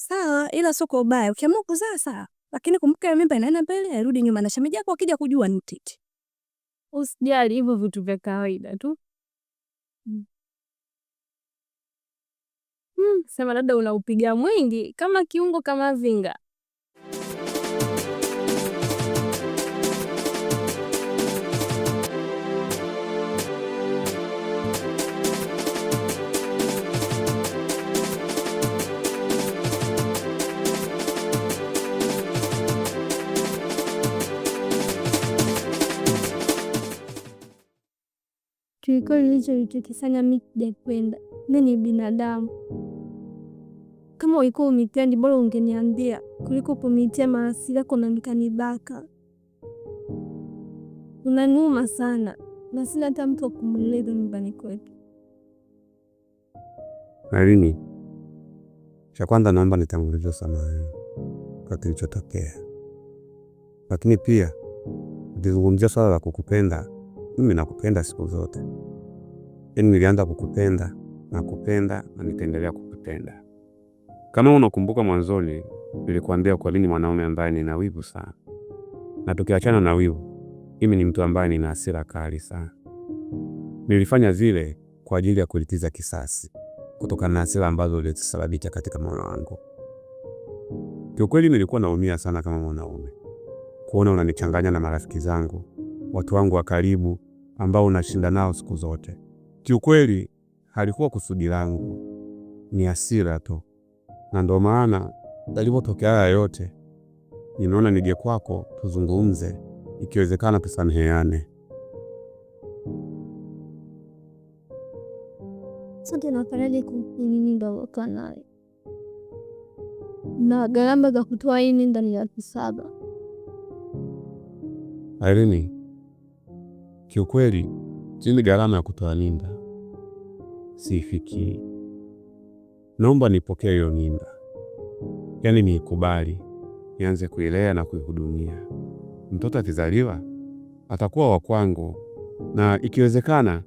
sawa, ila sio kwa ubaya. Ukiamua kuzaa sawa, lakini kumbuka mimba inaenda mbele, hairudi nyuma, na shemeji yako akija kujua ni titi. Usijali, hivyo vitu vya kawaida tu. Mm. Hmm, sema labda unaupiga mwingi kama kiungo kama vinga kweli kweli, hicho ilichokifanya mi mi ni binadamu. Kama ulikuwa unipendi, bora ungeniambia kuliko kumitia maasi yako na mkanibaka. Unaniuma sana na sina hata mtu wa nyumbani kwetu. Nalini, cha kwanza naomba nitangulize samahani kwa kilichotokea, lakini pia ukizungumzia swala la kukupenda, mimi nakupenda siku zote yani nilianza kukupenda na kupenda na nikaendelea kukupenda. Kama unakumbuka mwanzoni, nilikuambia kwa nini mwanaume ambaye nina wivu sana, na tukiachana na wivu, mimi ni mtu ambaye nina hasira kali sana. Nilifanya zile kwa ajili ya kulitiza kisasi kutokana na hasira ambazo ulizisababisha katika moyo wangu. Kiukweli nilikuwa naumia sana kama mwanaume kuona unanichanganya na marafiki zangu, watu wangu wa karibu ambao unashinda nao siku zote. Kiukweli halikuwa kusudi langu, ni hasira tu, na ndo maana yalivyotokea haya yote, ninaona nije kwako tuzungumze, ikiwezekana tusameheane. Asante na faraja ndaoka naye na gharama za kutoa ini nenda ni elfu saba. Irene, kiukweli chini gharama ya kutoa ninda siifikii. Naomba nipokee hiyo mimba, yaani niikubali, nianze kuilea na kuihudumia. Mtoto akizaliwa atakuwa wa kwangu, na ikiwezekana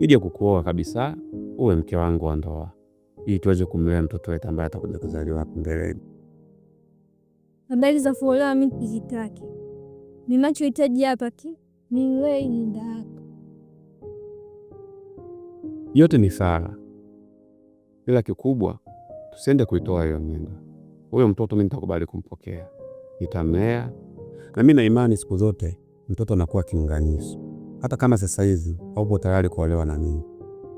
nije kukuoa kabisa, uwe mke wangu wa ndoa, ili tuweze kumlea mtoto wetu ambaye atakuja kuzaliwa hapo mbeleni. Habari za kuolewa mimi sitaki, ninachohitaji hapa ki niwe yote ni sara ila kikubwa tusiende kuitoa hiyo mimba. Huyo mtoto mimi nitakubali kumpokea, nitamlea, na mimi na imani siku zote mtoto anakuwa kiunganisho. Hata kama sasa hivi haupo tayari kuolewa na mimi,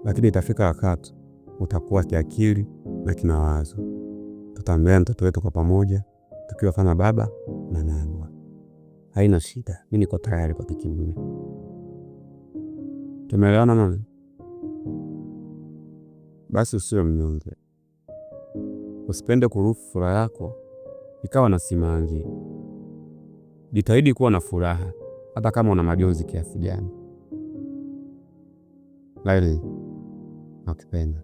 lakini itafika wakati utakuwa kiakili na kimawazo. Tutamlea mtoto wetu kwa pamoja, tukiwa kama baba na mama. Haina shida, mimi niko tayari kwa kikimwili. Tumeelewana nani? basi usiwe mnyonge. Usipende kuruhusu furaha yako ikawa na simangi. Jitahidi kuwa na furaha hata kama una majonzi kiasi gani. Laili nakupenda.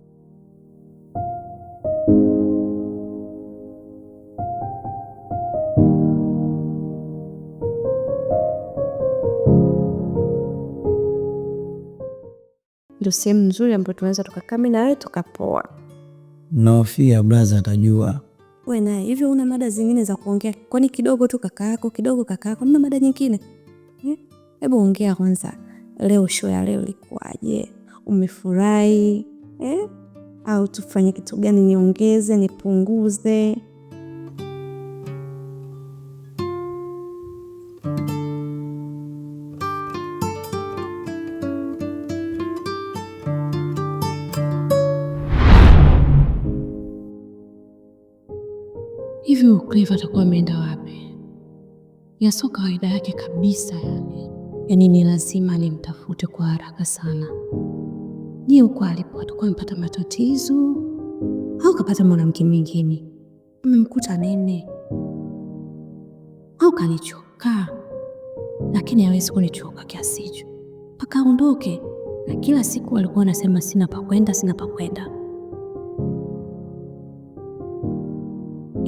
ndio sehemu nzuri ambayo tunaweza tukakami nawe tukapoa. Naofia braza atajua. We naye hivyo, una mada zingine za kuongea? Kwani kidogo tu kakaako kidogo kakaako, mna mada nyingine? Eh? Hebu ongea kwanza, leo show ya leo ilikuwaje? Umefurahi eh? au tufanye kitu gani? Niongeze nipunguze? Clive atakuwa ameenda wapi? Ya kawaida yake kabisa, yani yaani ni lazima nimtafute kwa haraka sana. Je, huko alipo atakuwa amepata matatizo au kapata mwanamke mwingine? Amemkuta nene au kanichoka? Lakini hawezi kunichoka kiasi hicho mpaka aondoke, na kila siku alikuwa anasema sina pakwenda sina pakwenda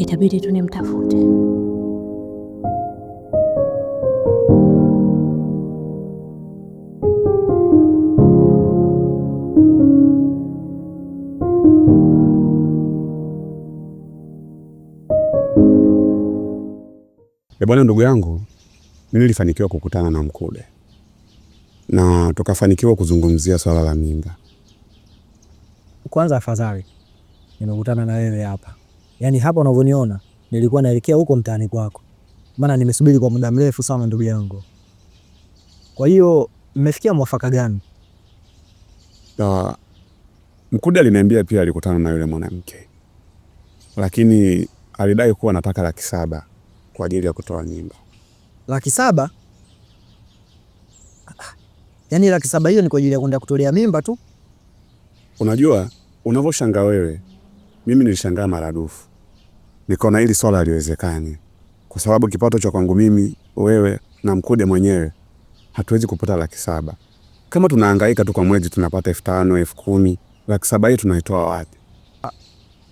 itabidi tu nimtafute. E bwana, ndugu yangu, mimi nilifanikiwa kukutana na Mkude na tukafanikiwa kuzungumzia swala la mimba. Kwanza afadhali nimekutana na wewe hapa yani hapa unavyoniona nilikuwa naelekea huko mtaani kwako, maana nimesubiri kwa muda mrefu sana ndugu yangu. Kwa hiyo mmefikia mwafaka gani? Uh, Mkude aliniambia pia alikutana na yule mwanamke, lakini alidai kuwa anataka laki saba kwa ajili ya kutoa nyimbo. Laki saba? Yaani laki saba hiyo ni kwa ajili ya kwenda kutolea mimba tu? Unajua unavyoshangaa wewe, mimi nilishangaa maradufu nikaona hili swala haliwezekani, kwa sababu kipato cha kwangu mimi, wewe na Mkude mwenyewe hatuwezi kupata laki saba. Kama tunahangaika tu kwa mwezi tunapata elfu tano elfu kumi laki saba hii tunaitoa wapi? Ah,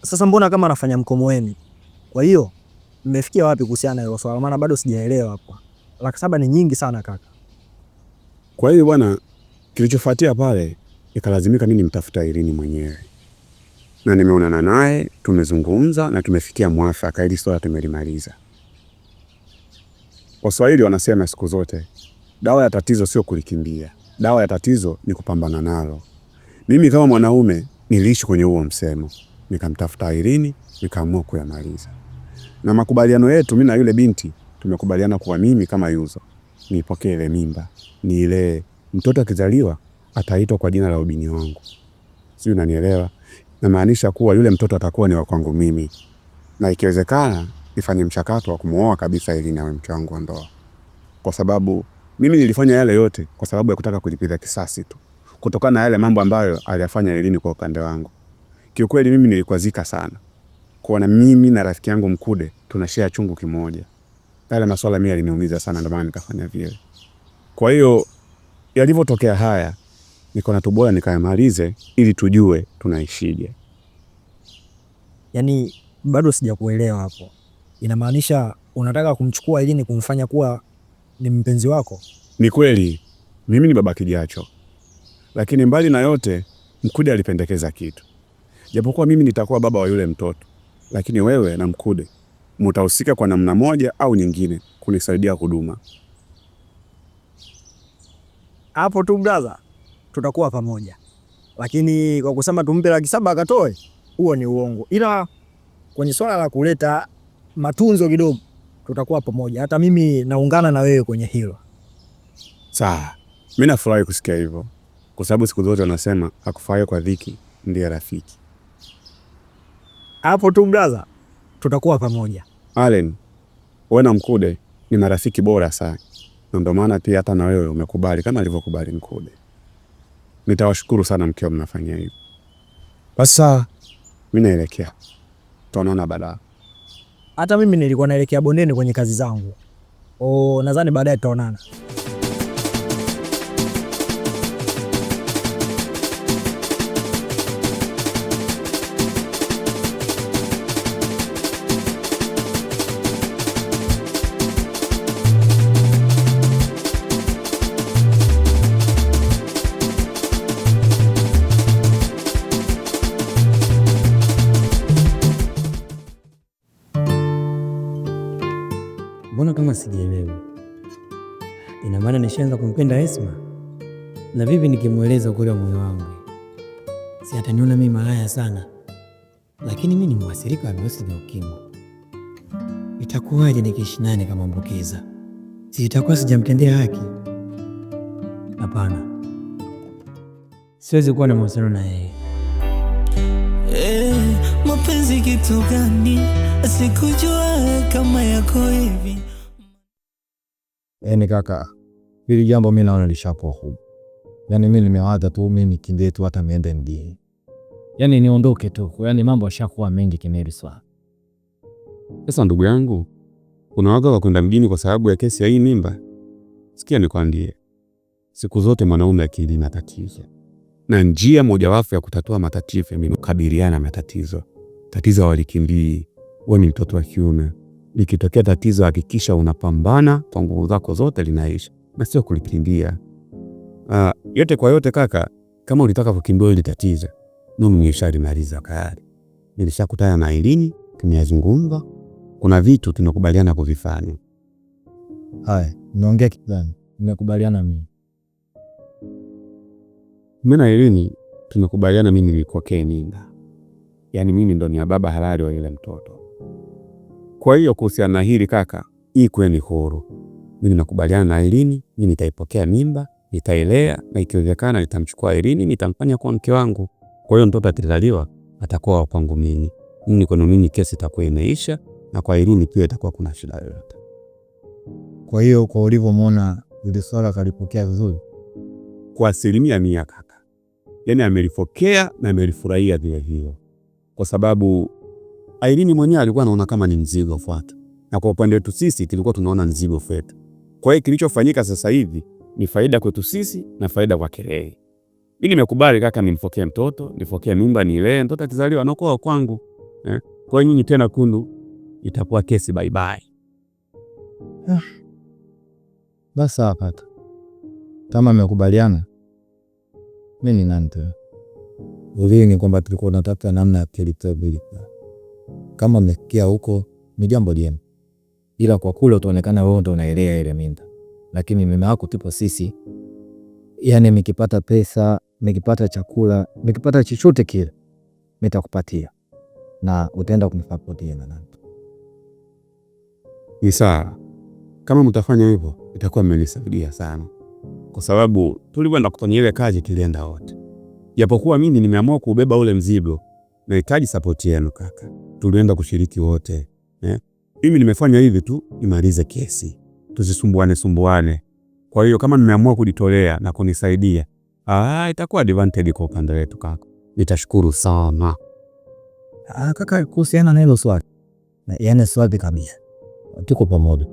sasa mbona kama anafanya mkomoeni? Kwa hiyo mmefikia wapi kuhusiana na hilo swala? Maana bado sijaelewa hapa. Laki saba ni nyingi sana kaka. Kwa hiyo bwana, kilichofuatia pale ikalazimika mimi nimtafuta Irini mwenyewe na nimeonana naye, tumezungumza na tumefikia mwafaka, ili swala tumelimaliza. Waswahili wanasema siku zote dawa ya tatizo sio kulikimbia, dawa ya tatizo ni kupambana nalo. Mimi kama mwanaume niliishi kwenye huo msemo, nikamtafuta Airini, nikaamua kuyamaliza. Na makubaliano yetu, mimi na yule binti tumekubaliana kuwa mimi kama Yuzo nipokee ile mimba, niilee, mtoto akizaliwa ataitwa kwa jina la ubini wangu, sijui unanielewa? namaanisha kuwa yule mtoto atakuwa ni wa kwangu mimi, na ikiwezekana nifanye mchakato wa kumuoa kabisa ili nawe mke wangu wa ndoa, kwa sababu mimi nilifanya yale yote kwa sababu ya kutaka kulipiza kisasi tu kutokana na yale mambo ambayo aliyafanya Elini kwa upande wangu. Kiukweli mimi nilikwazika sana kuona mimi na rafiki yangu Mkude tunashare chungu kimoja. Yale maswala mimi yaliniumiza sana, ndio maana nikafanya vile. Kwa hiyo yalivyotokea haya nikaona tu bora nikayamalize ili tujue tunaishije. Yaani bado sijakuelewa hapo, inamaanisha unataka kumchukua ili ni kumfanya kuwa ni mpenzi wako? Ni kweli mimi ni baba kijacho, lakini mbali na yote Mkude alipendekeza kitu, japokuwa mimi nitakuwa baba wa yule mtoto, lakini wewe na Mkude mutahusika kwa namna moja au nyingine kunisaidia huduma hapo tu, brother tutakuwa pamoja, lakini kwa kusema tumpe laki saba akatoe, huo ni uongo. Ila kwenye swala la kuleta matunzo kidogo, tutakuwa pamoja. Hata mimi naungana na wewe kwenye hilo. Sawa, mimi nafurahi kusikia hivyo, kwa sababu siku zote wanasema akufaayo kwa dhiki ndiye rafiki. Hapo tu brother, tutakuwa pamoja. Allen, wewe na Mkude ni marafiki bora sana, na ndio maana pia hata na wewe umekubali kama alivyokubali Mkude nitawashukuru sana mkiwa mnafanya hivyo. Sasa mimi naelekea, tutaonana baadaye. Hata mimi nilikuwa naelekea bondeni kwenye kazi zangu. Oh, nadhani baadaye tutaonana. maana nishaanza kumpenda Esma, na vipi nikimweleza ukweli wa moyo wangu? Si ataniona mimi malaya sana, lakini mimi ni mwathirika wa virusi vya ukimwi. Itakuwaje nikiishi naye nikamwambukiza? Si itakuwa sijamtendea haki? Hapana, siwezi kuwa na mahusiano na yeye. Hey, eh, mapenzi kitu gani? Sikujua kama yako hivi. Yaani kaka Hili jambo mimi naona lishakuwa kubwa. Yaani mimi nimewaza tu mimi nikinde tu hata niende mjini. Yaani niondoke tu. Yaani mambo yashakuwa mengi kimeli swala. Sasa ndugu yangu, unawaga wa kwenda mjini kwa sababu ya kesi ya hii mimba. Sikia nikwambie. Siku zote mwanaume akili na tatizo. Na njia mojawapo ya kutatua matatizo ni kukabiliana na matatizo. Tatizo walikimbii. Wewe ni mtoto wa kiume. Nikitokea tatizo hakikisha unapambana kwa nguvu zako zote linaisha na sio kulikimbia. Uh, yote kwa yote kaka, kama ulitaka kukimbia hili tatizo mimi nimeshalimaliza tayari, nilishakutana na Elini, tumeyazungumza, kuna vitu tunakubaliana kuvifanya. Haya, naongea kijana, nimekubaliana mimi mimi na Elini tumekubaliana, mimi nilikokee ninda, yaani mimi ndo ni baba halali wa yule mtoto. Kwa hiyo kuhusiana na hili kaka, ikweni huru mimi nakubaliana na Irini, mimi nitaipokea mimba, nitailea na ikiwezekana nitamchukua Irini, nitamfanya kuwa mke wangu. Kwa hiyo mtoto atizaliwa atakuwa wa kwangu mimi. Mimi kwenu mimi kesi itakuwa imeisha na kwa Irini pia itakuwa kuna shida yoyote. Kwa hiyo kwa ulivyomwona ile swala kalipokea vizuri kwa asilimia mia kaka. Yaani amelipokea na amelifurahia vile vile. Kwa sababu Irini mwenyewe alikuwa anaona kama ni mzigo fuata. Na kwa upande wetu sisi tulikuwa tunaona mzigo fuata. Kwa hiyo kilichofanyika sasa hivi ni faida kwetu sisi na faida kwa Kerei. Mimi nimekubali kaka, nimpokee mtoto, nipokee mimba, nilee mtoto, akizaliwa anakuwa kwangu eh? Kwa hiyo nyinyi tena Kundu itakuwa kesi bye bye. Ah. Basi sawa kaka, kama mmekubaliana, mimi ni nani tena? ni kwamba tulikuwa tunatafuta namna ya kama mmefikia huko, ni jambo jema ila kwa kule utaonekana wewe ndo unaelea ile minda, Lakini mimi yako tupo sisi, yani mikipata pesa, mikipata chakula, mikipata chochote kile nitakupatia na utaenda kunisupport na nani. Ni sawa. Kama mtafanya hivyo itakuwa mmenisaidia sana, kwa sababu tulipoenda kufanya ile kazi tulienda wote, japokuwa mimi nimeamua kuubeba ule mzigo. Nahitaji support yenu kaka, tulienda kushiriki wote eh? mimi nimefanya hivi tu, imalize kesi, tuzisumbuane sumbuane. Kwa hiyo kama nimeamua kujitolea na kunisaidia, ah, itakuwa advantage kwa upande wetu kaka, nitashukuru sana. Ah, kaka, kuhusiana na hilo swali, yaani swali kabisa, tuko pamoja.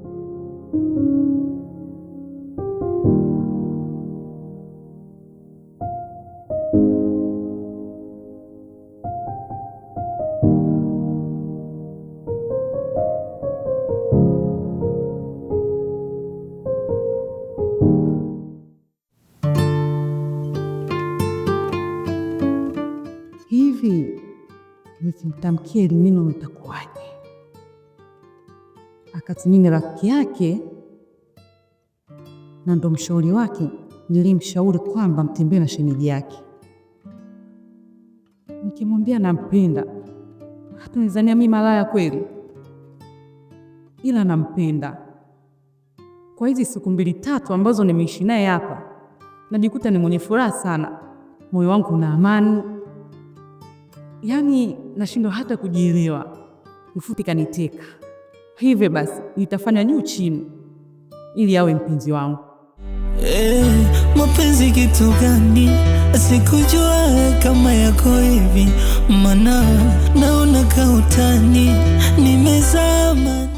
nitamkie Elnino nitakuwaje? Akatumini rafiki yake na ndo mshauri wake, nilimshauri kwamba mtembee na shemeji yake, nikimwambia nampenda. Hata nizania mi malaya kweli, ila nampenda. Kwa hizi siku mbili tatu ambazo nimeishi naye hapa, najikuta ni mwenye furaha sana, moyo wangu una amani yani nashindwa hata kujielewa. Mfuti kaniteka, hivyo basi nitafanya juu chini ili awe mpenzi wangu. Hey, eh, mapenzi kitu gani? Sikujua kama yako hivi, mana naona kautani nimezama